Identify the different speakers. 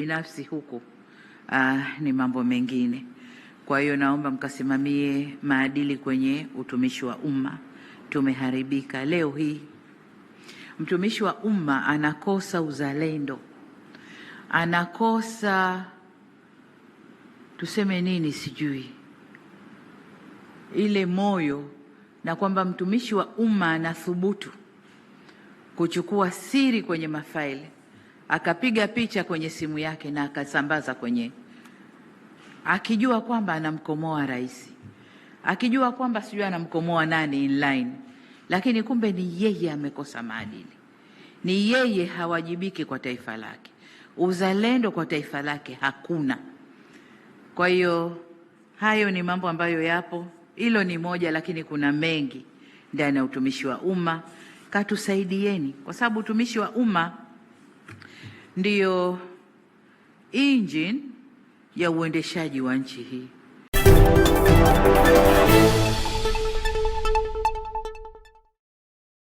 Speaker 1: binafsi huku aa, ah, ni mambo mengine. Kwa hiyo naomba mkasimamie maadili kwenye utumishi wa umma. Tumeharibika leo hii. Mtumishi wa umma anakosa uzalendo, anakosa tuseme nini, sijui ile moyo, na kwamba mtumishi wa umma anathubutu kuchukua siri kwenye mafaili akapiga picha kwenye simu yake na akasambaza kwenye, akijua kwamba anamkomoa rais, akijua kwamba sijui anamkomoa nani inline, lakini kumbe ni yeye amekosa maadili, ni yeye hawajibiki kwa taifa lake, uzalendo kwa taifa lake hakuna. Kwa hiyo hayo ni mambo ambayo yapo, hilo ni moja, lakini kuna mengi ndani ya utumishi wa umma. Katusaidieni kwa sababu utumishi wa umma ndiyo injini ya uendeshaji wa nchi hii.